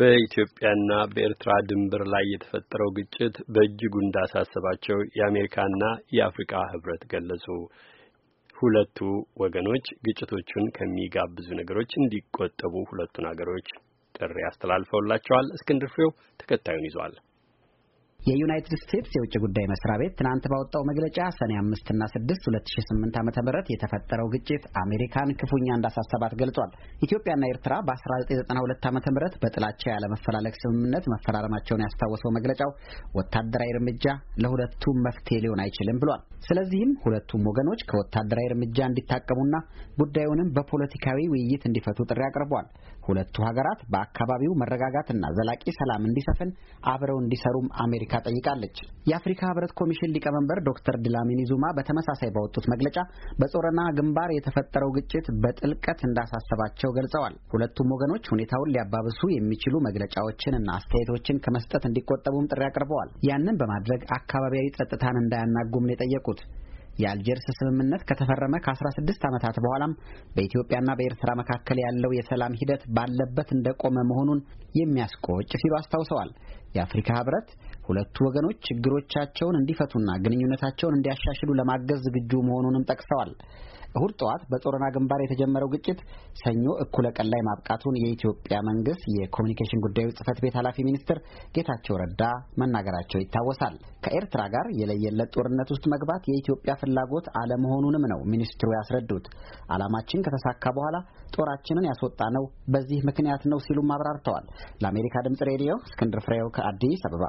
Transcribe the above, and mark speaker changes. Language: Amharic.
Speaker 1: በኢትዮጵያና በኤርትራ ድንበር ላይ የተፈጠረው ግጭት በእጅጉ እንዳሳሰባቸው የአሜሪካና የአፍሪካ ህብረት ገለጹ። ሁለቱ ወገኖች ግጭቶቹን ከሚጋብዙ ነገሮች እንዲቆጠቡ ሁለቱን ሀገሮች ጥሪ አስተላልፈውላቸዋል። እስክንድር ፍሬው ተከታዩን ይዟል።
Speaker 2: የዩናይትድ ስቴትስ የውጭ ጉዳይ መስሪያ ቤት ትናንት ባወጣው መግለጫ ሰኔ 5 ስድስት ሁለት ሺ ስምንት ዓመተ ምህረት የተፈጠረው ግጭት አሜሪካን ክፉኛ እንዳሳሰባት ገልጿል። ኢትዮጵያና ኤርትራ በአስራ ዘጠኝ ዘጠና ሁለት ዓመተ ምህረት በጥላቻ ያለመፈላለግ ስምምነት መፈራረማቸውን ያስታወሰው መግለጫው ወታደራዊ እርምጃ ለሁለቱም መፍትሄ ሊሆን አይችልም ብሏል። ስለዚህም ሁለቱም ወገኖች ከወታደራዊ እርምጃ እንዲታቀሙና ጉዳዩንም በፖለቲካዊ ውይይት እንዲፈቱ ጥሪ አቅርቧል። ሁለቱ ሀገራት በአካባቢው መረጋጋትና ዘላቂ ሰላም እንዲሰፍን አብረው እንዲሰሩም አሜሪካ ጠይቃለች። የአፍሪካ ህብረት ኮሚሽን ሊቀመንበር ዶክተር ድላሚኒ ዙማ በተመሳሳይ ባወጡት መግለጫ በጾረና ግንባር የተፈጠረው ግጭት በጥልቀት እንዳሳሰባቸው ገልጸዋል። ሁለቱም ወገኖች ሁኔታውን ሊያባብሱ የሚችሉ መግለጫዎችንና አስተያየቶችን ከመስጠት እንዲቆጠቡም ጥሪ አቅርበዋል። ያንን በማድረግ አካባቢያዊ ጸጥታን እንዳያናጉም ነው የጠየቁት። የአልጀርስ ስምምነት ከተፈረመ ከ16 ዓመታት በኋላም በኢትዮጵያና በኤርትራ መካከል ያለው የሰላም ሂደት ባለበት እንደቆመ መሆኑን የሚያስቆጭ ሲሉ አስታውሰዋል። የአፍሪካ ህብረት ሁለቱ ወገኖች ችግሮቻቸውን እንዲፈቱና ግንኙነታቸውን እንዲያሻሽሉ ለማገዝ ዝግጁ መሆኑንም ጠቅሰዋል። እሁድ ጠዋት በጦርና ግንባር የተጀመረው ግጭት ሰኞ እኩለ ቀን ላይ ማብቃቱን የኢትዮጵያ መንግስት የኮሚኒኬሽን ጉዳዮች ጽህፈት ቤት ኃላፊ ሚኒስትር ጌታቸው ረዳ መናገራቸው ይታወሳል። ከኤርትራ ጋር የለየለት ጦርነት ውስጥ መግባት የኢትዮጵያ ፍላጎት አለመሆኑንም ነው ሚኒስትሩ ያስረዱት። ዓላማችን ከተሳካ በኋላ ጦራችንን ያስወጣ ነው በዚህ ምክንያት ነው ሲሉም አብራርተዋል። ለአሜሪካ ድምጽ ሬዲዮ እስክንድር ፍሬው ከአዲስ አበባ